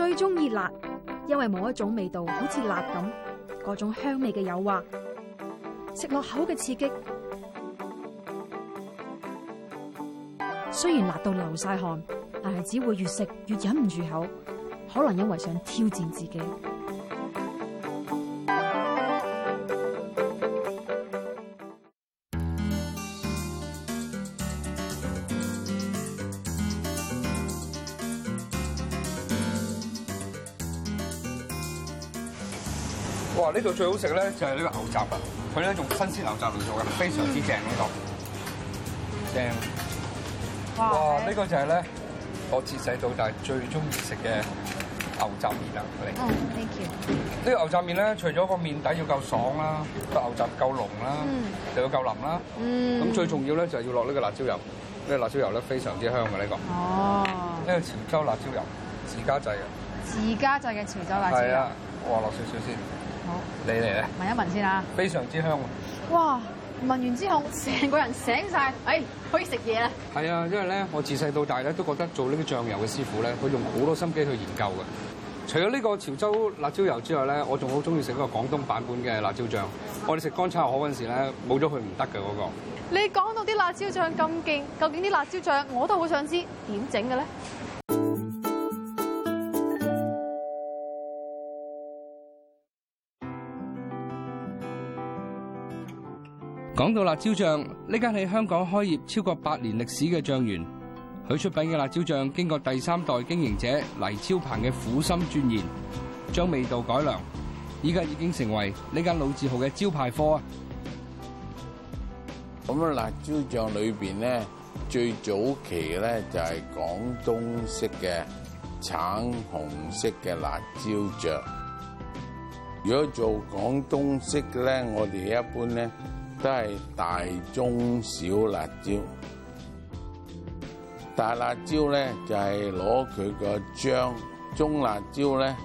最中意辣，因為冇一種味道好似辣咁，各種香味嘅誘惑，食落口嘅刺激，雖然辣到流晒汗，但係只會越食越忍唔住口，可能因為想挑戰自己。呢度最好食咧，就係呢個牛雜啊！佢咧用新鮮牛雜嚟做嘅，非常之正呢個。正哇！呢個就係咧我自細到大最中意食嘅牛雜麵啦，嚟哦，thank you。呢個牛雜麵咧，除咗個麵底要夠爽啦，個牛雜夠濃啦，就要夠腍啦，咁、嗯、最重要咧就係要落呢個辣椒油。呢個辣椒油咧非常之香嘅呢個哦，呢個潮州辣椒油自家製嘅，自家製嘅潮州辣椒油。係啊，我落少少先。你嚟咧？聞一聞先啦。非常之香喎！啊！哇！聞完之後，成個人醒晒，哎，可以食嘢啦！係啊，因為咧，我自細到大咧都覺得做呢啲醬油嘅師傅咧，佢用好多心機去研究嘅。除咗呢個潮州辣椒油之外咧，我仲好中意食個廣東版本嘅辣椒醬。我哋食乾炒牛河嗰陣時咧，冇咗佢唔得嘅嗰個。你講到啲辣椒醬咁勁，究竟啲辣椒醬我都好、那個、想知點整嘅咧？講到辣椒醬，呢間喺香港開業超過百年歷史嘅醬園，佢出品嘅辣椒醬經過第三代經營者黎昭鵬嘅苦心鑽研，將味道改良，依家已經成為呢間老字號嘅招牌貨啊。咁啊，辣椒醬裏邊咧，最早期咧就係廣東式嘅橙紅色嘅辣椒醬。如果做廣東式咧，我哋一般咧。都係大中小辣椒，大辣椒咧就係攞佢個醬，中辣椒咧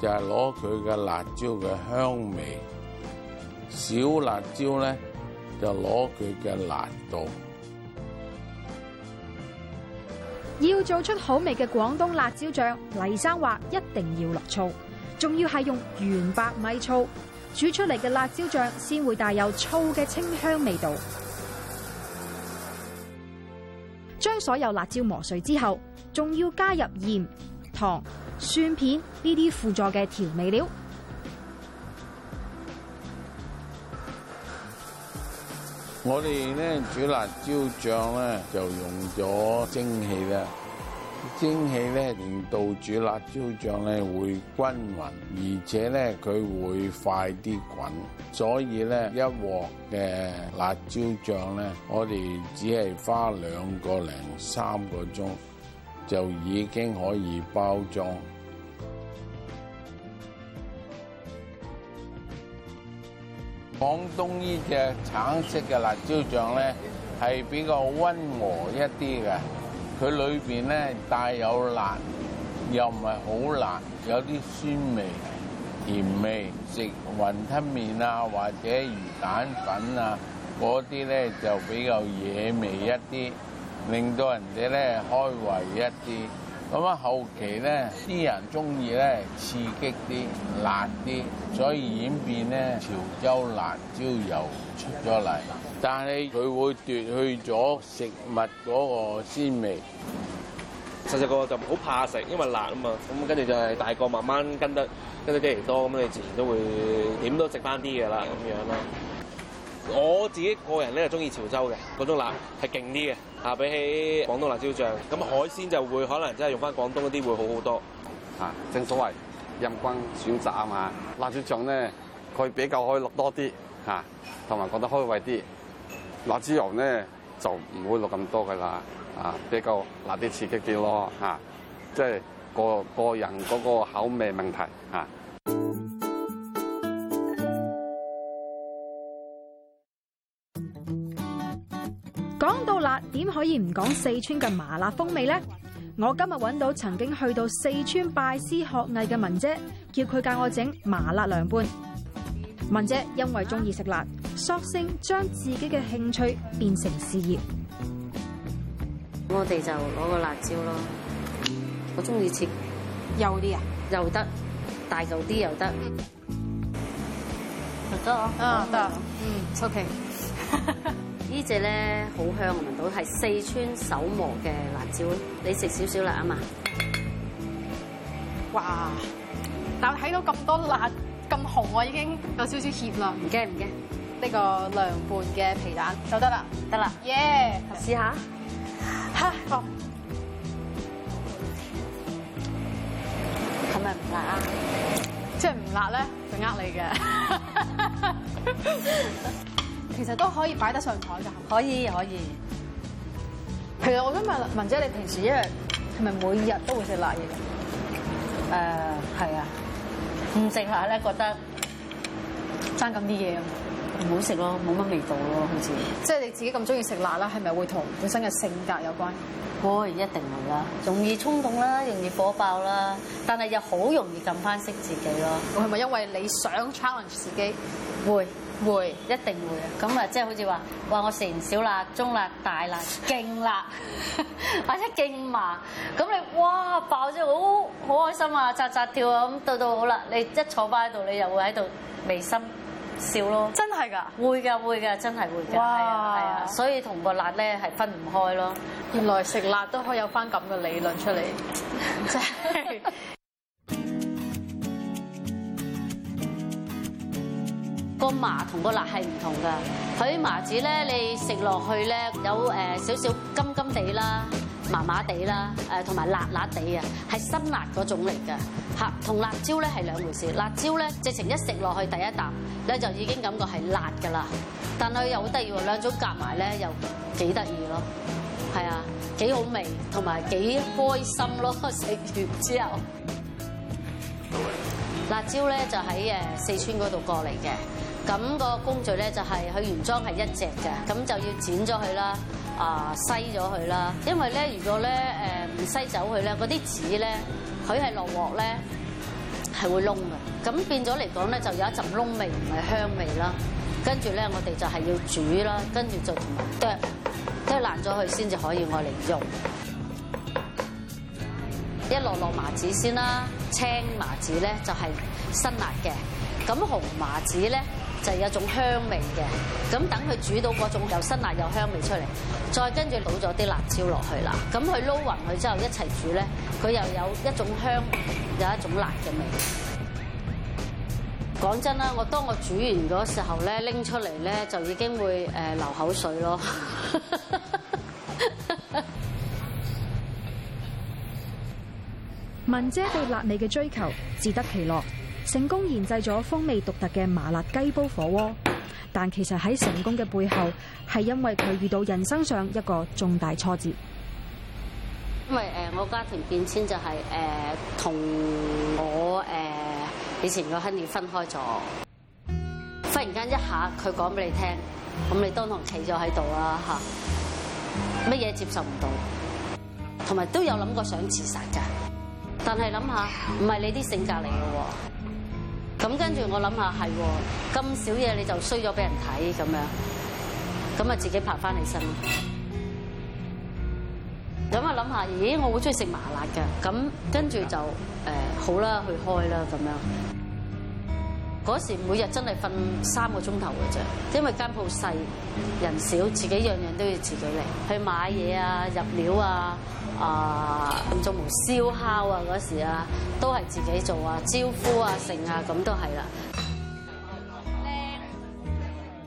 就係攞佢嘅辣椒嘅香味，小辣椒咧就攞佢嘅辣度。要做出好味嘅廣東辣椒醬，黎生話一定要落醋，仲要係用原白米醋。煮出嚟嘅辣椒醬先會帶有醋嘅清香味道。將所有辣椒磨碎之後，仲要加入鹽、糖、蒜片呢啲輔助嘅調味料。我哋咧煮辣椒醬咧，就用咗蒸汽蒸氣咧，令到煮辣椒醬咧會均勻，而且咧佢會快啲滾，所以咧一鑊嘅辣椒醬咧，我哋只係花兩個零三個鐘，就已經可以包裝。 廣東呢隻橙色嘅辣椒醬咧，係比較溫和一啲嘅。佢裏邊咧帶有辣，又唔係好辣，有啲酸味、甜味。食雲吞麵啊，或者魚蛋粉啊，嗰啲咧就比較惹味一啲，令到人哋咧開胃一啲。咁啊，後期咧啲人中意咧刺激啲、辣啲，所以演變咧潮州辣椒油出咗嚟。但係佢會奪去咗食物嗰個鮮味，細細個就好怕食，因為辣啊嘛。咁跟住就係大個慢慢跟得跟得幾多，咁你自然都會點都食翻啲嘅啦咁樣啦。我自己個人咧就中意潮州嘅嗰種辣係勁啲嘅嚇，比起廣東辣椒醬。咁、啊、海鮮就會可能真係用翻廣東嗰啲會好好多嚇、啊。正所謂任君選擇啊嘛，辣椒醬咧佢比較可以落多啲嚇，同埋覺得開胃啲。辣椒油咧就唔會落咁多噶啦，啊比較辣啲刺激啲咯，嚇，即係個個人嗰個口味問題嚇。講到辣，點可以唔講四川嘅麻辣風味咧？我今日揾到曾經去到四川拜師學藝嘅文姐，叫佢教我整麻辣涼拌。文姐因為中意食辣，索性將自己嘅興趣變成事業。我哋就攞個辣椒咯，我中意切幼啲啊，又得大嚿啲又得，得咯，嗯得，嗯，O K。嗯 OK、 這呢隻咧好香，我聞到係四川手磨嘅辣椒，你食少少辣啊嘛。哇！但睇到咁多辣。咁紅我已經有少少怯啦，唔驚唔驚，呢個涼拌嘅皮蛋就得啦，得啦，耶！試下，好係咪唔辣啊？即係唔辣咧，就呃你嘅。 其實都可以擺得上台㗎，可以可以。其實我想問文姐，你平時因為係咪每日都會食辣嘢？誒，係啊。唔食辣咧，覺得爭咁啲嘢，唔好食咯，冇乜味道咯，好似。即係你自己咁中意食辣啦，係咪會同本身嘅性格有關？會，一定係啦，容易衝動啦，容易火爆啦，但係又好容易撳翻識自己咯。咁係咪因為你想 challenge 自己？會。會，一定會啊！咁啊，即係好似話，話我食完小辣、中辣、大辣、勁辣，或者勁麻，咁你哇爆咗，真係好好開心啊，扎扎跳啊，咁到到好啦，你一坐翻喺度，你又會喺度微心笑咯。真係㗎？會㗎，會㗎，真係會㗎。係啊，所以同個辣咧係分唔開咯。原來食辣都可以有翻咁嘅理論出嚟，真係。個麻同個辣係唔同㗎，佢麻子咧，你食落去咧有誒少少甘甘地啦，麻麻地啦，誒同埋辣辣地啊，係辛辣嗰種嚟㗎，嚇同辣椒咧係兩回事。辣椒咧直情一食落去第一啖咧就已經感覺係辣㗎啦，但係又好得意喎，兩種夾埋咧又幾得意咯，係啊，幾好味同埋幾開心咯，食完之後，辣椒咧就喺誒四川嗰度過嚟嘅。咁、那個工序咧就係、是、佢原裝係一隻嘅，咁就要剪咗佢啦，啊，篩咗佢啦。因為咧，如果咧誒唔篩走佢咧，嗰啲籽咧，佢係落鑊咧係會燶嘅。咁變咗嚟講咧，就有一陣燶味，唔係香味啦。跟住咧，我哋就係要煮啦，跟住就同埋剁剁爛咗佢先至可以愛嚟用。一落落麻子先啦，青麻子咧就係、是、辛辣嘅，咁紅麻子咧，就係、有一種香味嘅，咁等佢煮到嗰種又辛辣又香味出嚟，再跟住倒咗啲辣椒落去啦，咁佢撈勻佢之後一齊煮咧，佢又有一種香，有一種辣嘅味道。講真啦，我當我煮完嗰時候咧，拎出嚟咧就已經會誒流口水咯。 文姐對辣味嘅追求，自得其樂。成功研製咗風味獨特嘅麻辣雞煲火鍋，但其實喺成功嘅背後，係因為佢遇到人生上一個重大挫折。因為誒、呃，我家庭變遷就係、是、誒，同、呃、我誒、呃、以前個兄弟分開咗。忽然間一下他，佢講俾你聽，咁你當堂企咗喺度啦嚇，乜嘢接受唔到，同埋都有諗過想自殺㗎。但係諗下，唔係你啲性格嚟嘅喎。跟住我諗下係喎，咁、啊、少嘢你就衰咗俾人睇咁樣，咁啊自己爬翻起身咯。咁啊諗下，咦，我好中意食麻辣嘅，咁跟住就誒、呃、好啦，去開啦咁樣。嗰時每日真係瞓三個鐘頭嘅啫，因為間鋪細，人少，自己樣樣都要自己嚟，去買嘢啊，入料啊。啊，做無燒烤啊嗰時啊，都係自己做啊，招呼啊，盛啊，咁都係啦。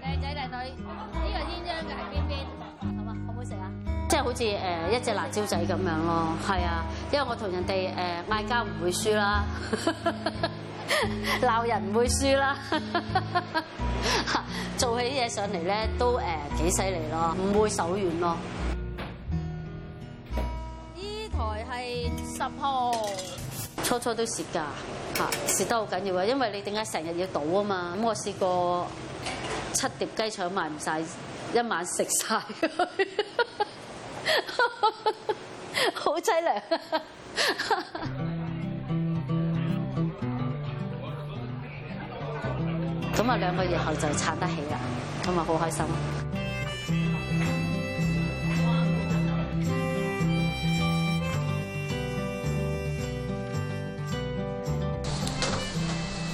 靚靚仔靚女，呢個煙燻嘅喺邊邊？好嗎？好唔好食啊？即係好似誒一隻辣椒仔咁樣咯，係啊，因為我同人哋誒嗌交唔會輸啦、啊，鬧人唔會輸啦、啊，做起嘢上嚟咧都誒幾犀利咯，唔會手軟咯、啊。初初都蝕㗎，吓蝕得好緊要啊！因為你點解成日要倒啊嘛？咁我試過七碟雞腸賣唔晒，一晚食晒，好淒涼！咁 啊兩個月後就撐得起啦，咁啊好開心。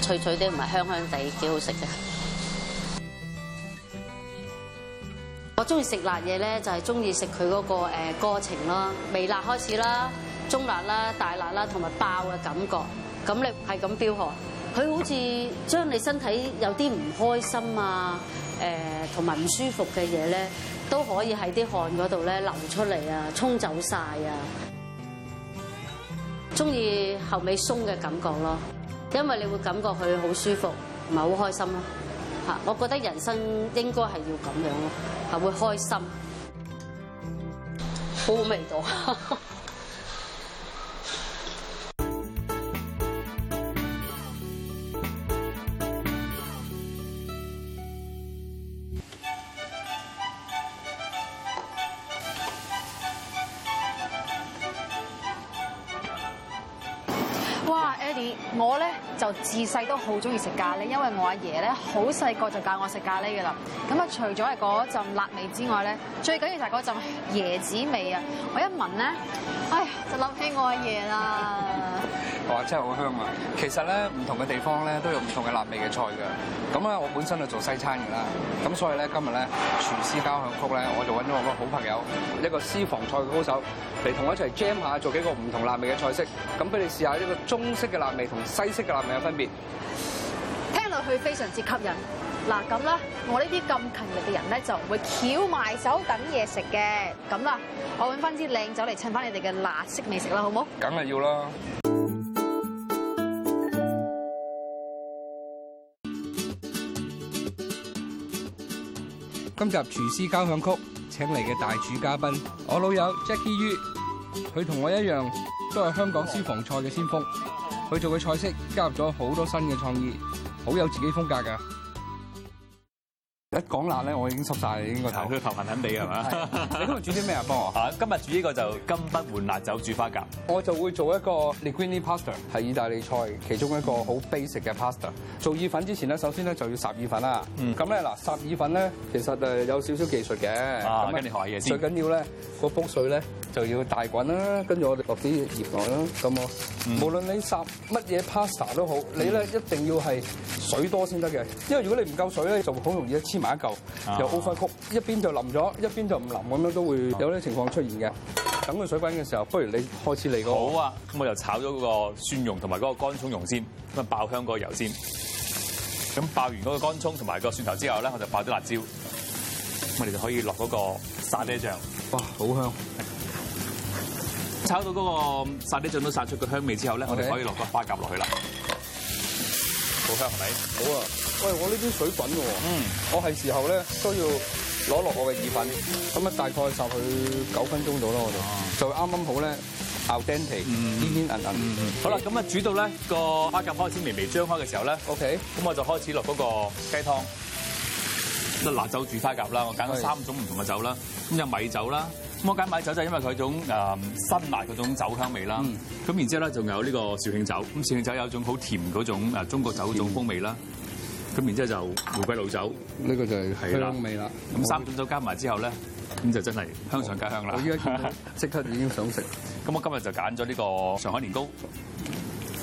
脆脆啲，唔係香香地，幾好食嘅。我中意食辣嘢咧，就係中意食佢嗰個誒過程咯，微辣開始啦，中辣啦，大辣啦，同埋爆嘅感覺。咁你係咁飆汗，佢好似將你身體有啲唔開心啊，誒同埋唔舒服嘅嘢咧，都可以喺啲汗嗰度咧流出嚟啊，沖走晒啊！中意後尾鬆嘅感覺咯。因為你會感覺佢好舒服，唔係好開心咯。嚇，我覺得人生應該係要咁樣咯，係會開心，好味道。 自細都好中意食咖喱，因為我阿爺咧好細個就教我食咖喱嘅啦。咁啊，除咗係嗰陣辣味之外咧，最緊要就係嗰陣椰子味啊！我一聞咧，哎呀，就諗起我阿爺啦。哇！真係好香啊！其實咧，唔同嘅地方咧都有唔同嘅辣味嘅菜嘅。咁啊，我本身就做西餐嘅啦。咁所以咧，今日咧，廚師交響曲咧，我就揾咗我個好朋友，一個私房菜嘅高手嚟同我一齊 jam 下，做幾個唔同辣味嘅菜式。咁俾你試下呢個中式嘅辣味同西式嘅辣味有分別。聽落去非常之吸引，嗱咁啦，我呢啲咁勤力嘅人咧就唔會翹埋手等嘢食嘅，咁啦，我揾翻支靚酒嚟襯翻你哋嘅辣色美食啦，好冇？梗係要啦！今集廚師交響曲請嚟嘅大廚嘉賓，我老友 Jacky Yu，佢同我一樣都係香港私房菜嘅先鋒。佢做嘅菜式加入咗好多新嘅創意，好有自己風格㗎。一講辣咧，我已經濕晒，已經個頭都頭痕痕地係嘛。你今日煮啲咩啊？幫我吓，今日煮呢個就金不換辣酒煮花甲。我就會做一個 Linguine pasta，係意大利菜其中一個好 basic 嘅 pasta。做意粉之前咧，首先咧就要霎意粉，嗯、呢啦。咁咧嗱霎意粉咧，其實誒有少少技術嘅。啊，跟住學下嘢先。最緊要咧，個煲水咧就要大滾啦。跟住我哋落啲熱啦咁啊。無論你霎乜嘢 pasta 都好，你咧一定要係水多先得嘅。因為如果你唔夠水咧，就好容易一埋一嚿，又 o v e 一邊就淋咗，一邊就唔淋咁樣，都會有啲情況出現嘅。等佢水滾嘅時候，不如你開始嚟好啊，咁我就炒咗嗰個蒜蓉同埋嗰個乾葱蓉先，咁啊爆香個油先。咁爆完嗰個乾葱同埋個蒜頭之後咧，我就爆啲辣椒。我哋就可以落嗰個沙爹醬，哇，好香！炒到嗰個沙爹醬都散出個香味之後咧，okay? 我哋可以落個花甲落去啦。好香係咪？好啊。喂，我呢啲水滾嘅，我係時候咧都要攞落我嘅意粉。咁啊，大概就佢九分鐘到咯，我就就啱啱好咧，al dente，煙煙韌韌。好啦，咁啊煮到咧個花甲開始微微張開嘅時候咧，OK，咁我就開始落嗰個雞湯。嗱、嗯，辣酒煮花甲啦，我揀咗三種唔同嘅酒啦。咁有米酒啦，咁我揀米酒就因為佢種誒辛辣嗰種酒香味啦。咁、嗯、然之後咧，仲有呢個肇慶酒，咁肇慶酒有種好甜嗰種中國酒嗰種風味啦。咁然之後就玫瑰老酒，呢個就係香味啦。咁三種酒加埋之後咧，咁就真係香上加香啦。我依家即刻已經想食。咁我今日就揀咗呢個上海年糕。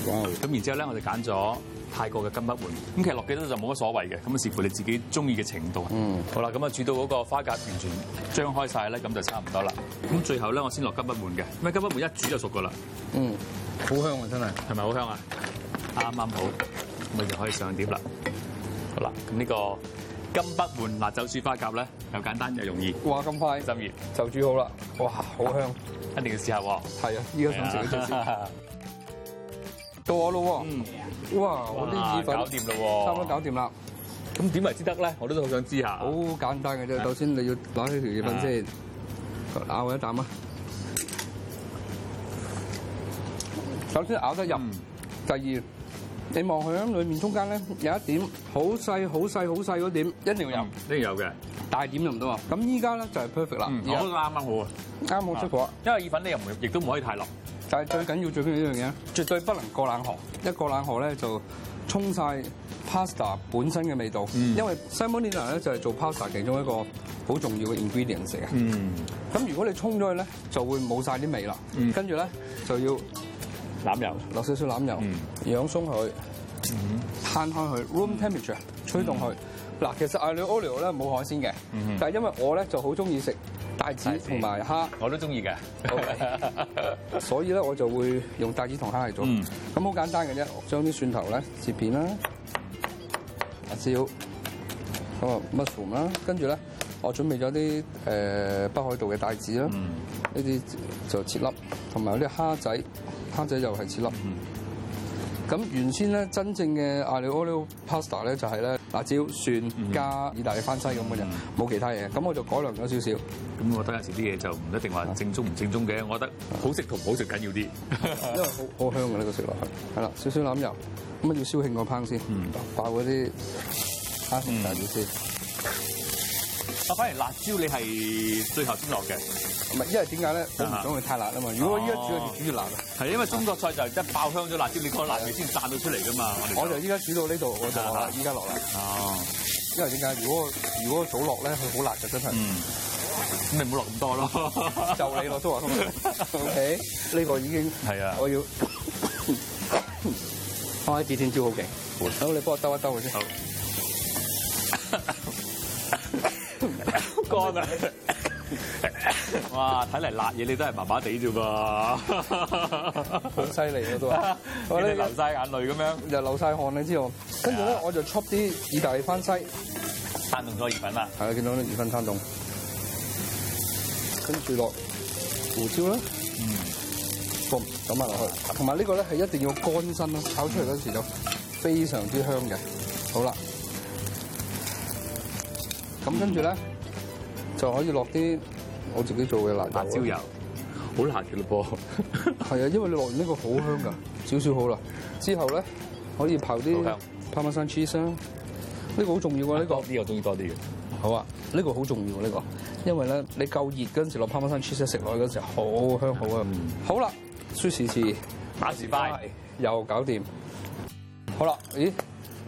哇！咁然之後咧，我就揀咗泰國嘅金不換。咁其實落幾多就冇乜所謂嘅，咁啊視乎你自己中意嘅程度。嗯。好啦，咁啊煮到嗰個花甲完全張開晒咧，咁就差唔多啦。咁最後咧，我先落金不換嘅。咁金不換一煮就熟噶啦。嗯，好香啊，真係。係咪好香啊？啱啱好，咁就可以上碟啦。好啦，咁呢個金不換辣酒煮花甲咧，又簡單又容易。哇，咁快，浸完就煮好啦。哇，好香，一定要試下喎。係啊，依家想食嘅最先。到我咯喎、嗯，哇，我啲意粉，搞掂三分搞掂啦。咁點為之得咧？我都好想知下。好簡單嘅啫，首先你要攞起條意粉先，嗯、咬一啖啊。首先咬得入，嗯、第二。你望佢響裏面中間咧有一點好細好細好細嗰點，一定、嗯、有，一定有嘅。大點用就唔多啊。咁依家咧就係 perfect 啦，我好啱啱好啊，啱好出貨、嗯。因為意粉你又唔，亦都唔可以太腍。但係最緊要最緊要一樣嘢，絕對不能過冷河。一過冷河咧就沖曬 pasta 本身嘅味道，嗯、因為 semolina 咧就係、是、做 pasta 其中一個好重要嘅 ingredient 嚟嘅。咁、嗯、如果你沖咗去咧，就會冇曬啲味啦。跟住咧就要。欖油落少少欖油，養、嗯、鬆佢、嗯，攤開佢，room temperature 吹動佢。嗱、嗯，其實 aglio olio 咧冇海鮮嘅、嗯，但係因為我咧就好中意食帶子同埋蝦，我都中意嘅，okay, 所以咧我就會用帶子同蝦嚟做。咁、嗯、好簡單嘅啫，將啲蒜頭咧切片啦，阿蕉，咁啊 mustard 啦，跟住咧我準備咗啲誒北海道嘅帶子啦，呢、嗯、啲就切粒，同埋有啲蝦仔。餐仔又係切粒。咁、嗯、原先咧，真正嘅阿大利奧利奧 pasta 咧，就係、是、咧辣椒、蒜加意大利番茜咁嘅嘢，冇、嗯、其他嘢。咁我就改良咗少少。咁我睇下時啲嘢就唔一定話正宗唔正宗嘅，我覺得好食同唔好食緊要啲，嗯、 因為好好香嘅呢、這個食落去。係 啦，少少橄欖油，咁啊要燒興個烹先，嗯、爆嗰啲蝦仁嚟先。反而辣椒你係最後先落嘅，唔係，因為點解咧？我唔想佢太辣啊嘛。如果依家煮，越、哦、煮越辣喇。係、啊、因為中國菜就係一爆香咗辣椒，啊、你個辣味先炸到出嚟噶嘛。我就依家煮到呢度，我就依家落辣。哦、啊啊，因為點解？如果如果早落咧，佢好辣嘅，就真係。嗯，你唔好落咁多咯，就你落都通，話通話 OK。呢個已經係啊，我要開啲指天椒好勁。 好，你幫我兜一兜佢先好。 乾啊！哇，睇嚟辣嘢、啊、 你都係麻麻地啫噃！好犀利嗰度，你流晒眼淚咁樣，又流晒汗，你知道？跟住咧，我就出啲意大利番茜菜粉、啊，攤凍咗意粉啦，係啊，見到啲意粉攤凍，跟住落胡椒啦，嗯，放咁啊落去，同埋呢個咧係一定要乾身咯，炒出嚟嗰時就非常之香嘅。好啦，咁跟住咧。就可以落啲我自己做嘅辣辣椒油，好辣嘅嘞噃。係啊， 因為你落完呢個好香 小小好香噶，少少好啦。之後咧可以刨啲。好香。帕馬森 cheese 啦，呢個好重要啊，呢個。呢個我中意多啲嘅。好啊，呢個好重要喎，呢個。因為咧你夠熱嗰陣時落帕馬森 cheese 食落去嗰陣時好香啊、嗯、好啊。好啦，說時遲，那時快，又搞掂、嗯。好啦、啊，咦？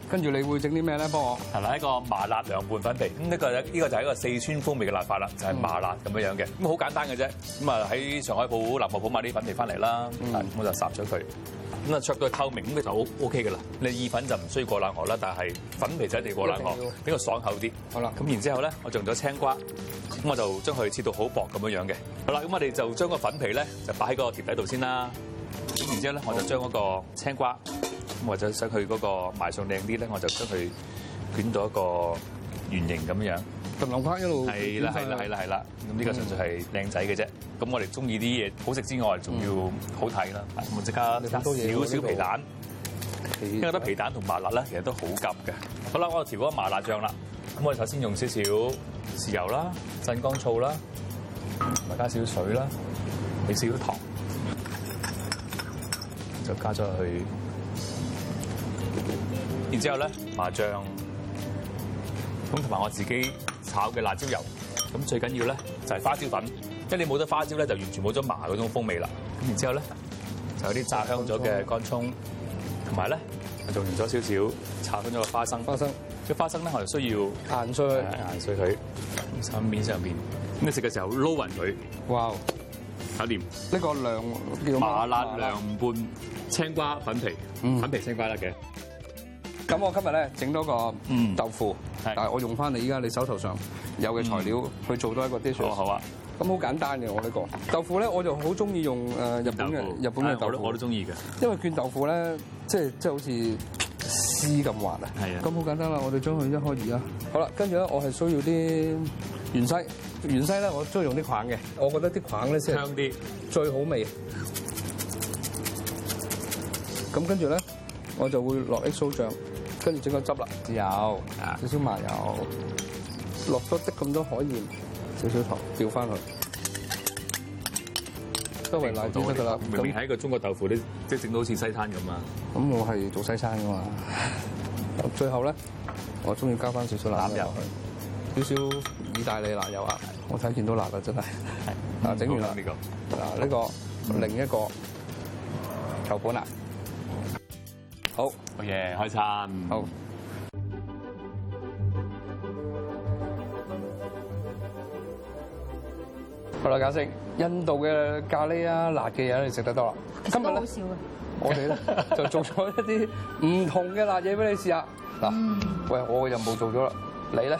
跟住你會整啲咩咧？幫我係咪一個麻辣涼拌粉皮？咁一個呢個就係一個四川風味嘅辣法啦，就係、係、麻辣咁樣樣嘅。咁好簡單嘅啫。咁啊喺上海浦、南博浦買啲粉皮翻嚟啦。嗯，我就殺咗佢。咁啊，灼到透明就，咁嘅就 O K 嘅啦。你意粉就唔需要過冷河啦，但係粉皮就一定要過冷河，比較、哦呢個、爽口啲。好啦。咁然之後咧，我用咗青瓜，咁我就將佢切到好薄咁樣樣嘅。好啦，咁我哋就將個粉皮咧就擺喺個碟底度先啦。咁然之後咧，我就將嗰個青瓜。或者想佢嗰個賣相靚啲咧，我就將佢捲到一個圓形咁樣。咁流花一路係啦係啦係啦係啦，咁呢個純粹係靚仔嘅啫。咁我哋中意啲嘢好食之外，仲要好睇啦。咁即刻少少皮蛋，因為啲皮蛋同麻辣咧，其實都好夾嘅。好啦，我哋調好麻辣醬啦。咁我哋首先用少少豉油啦、鎮江醋啦，加少水啦，畀少少糖，就加咗去。然之後咧，麻醬，咁同埋我自己炒嘅辣椒油，咁最緊要咧就係、是、花椒粉，因為你冇得花椒咧就完全冇咗麻嗰種風味啦。然之後咧就有啲炸香咗嘅乾葱，同埋咧仲用咗少少，炒翻咗個花生。花生，咁花生咧我係需要壓碎，壓碎佢，上面上邊。咁你食嘅時候撈勻佢。哇！搞掂呢個涼叫麻辣涼拌青瓜粉皮，嗯、粉皮青瓜粒嘅。咁我今日咧整多個豆腐，嗯、但係我用翻你依家你手頭上有嘅材料，嗯、去做多一個 dessert 好啊，咁好簡單嘅，我呢、呢個豆腐咧，我就好中意用日本嘅日本嘅豆腐。豆腐我都鍾中意嘅。因為卷豆腐咧，即係即係好似絲咁滑啊。係啊。咁好簡單啦，我哋將佢一開二啦。好啦，跟住咧我係需要啲芫茜，芫茜咧我中意用啲棒嘅，我覺得啲棒咧先香啲，最好味。咁跟住咧，我就會落 XO 醬。跟住整個汁啦，豉油、啊、少少麻油，落出，啲咁多海鹽，少少糖調翻周都為奶得㗎啦。明明係一個中國豆腐，你即係整到好似西餐咁啊！咁我係做西餐㗎嘛。最後咧，我中意加翻少少辣油，少少意大利辣油啊！我睇見都辣啦，真係。嗱，整、嗯、完啦呢、呢個，嗱、啊、呢、呢個、啊、另一個頭盤啦。好、oh、嘢、yeah，開餐好。 好啦，解釋，印度嘅咖喱啊，辣嘅嘢你食得多啦。今日好少呀，我哋咧 就做咗一啲唔同嘅辣嘢俾你試下。嗱，喂， 我嘅任務做咗啦，你咧？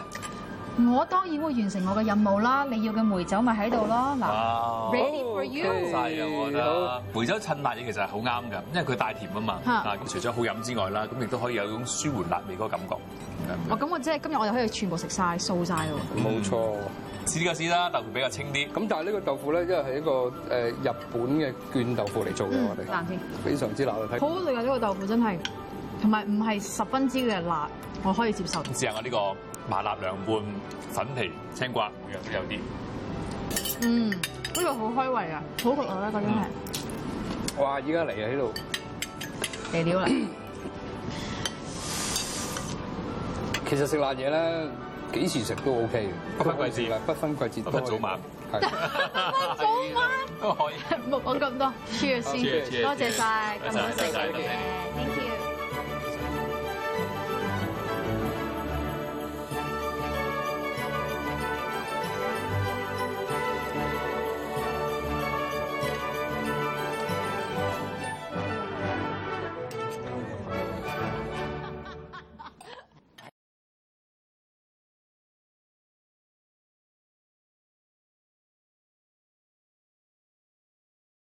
我當然會完成我嘅任務啦！你要嘅梅酒咪喺度咯，嗱、oh.，Ready for you！、Okay. 梅酒襯辣嘢其實係好啱㗎，因為佢帶甜啊嘛。咁、yeah. 除咗好飲之外啦，咁亦都可以有一種舒緩辣味嗰個感覺。哇、yeah.！咁我即係今日我又可以全部食晒，掃晒喎。冇錯，試下先啦，豆腐比較清啲。咁但係呢個豆腐咧，因為係一個誒日本嘅絹豆腐嚟做嘅，我哋辣、嗯、非常之辣好，你嘅呢個豆腐真係，同埋唔係十分之嘅辣，我可以接受。正啊，呢個！麻辣涼拌粉皮青瓜，每樣都有啲。嗯，呢個好開胃啊，好焗啊。咧、那個，覺得係。哇！依家嚟啊喺度，嚟料啊。其實食辣嘢咧，幾時食都 OK 嘅，不分季節。不分季節多，不分早晚。哈哈哈早晚都可以， 唔好講咁多，Cheers 先，多謝曬，感謝曬，多謝。